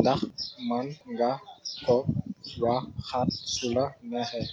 ndax man nga ko waxaat su la neexee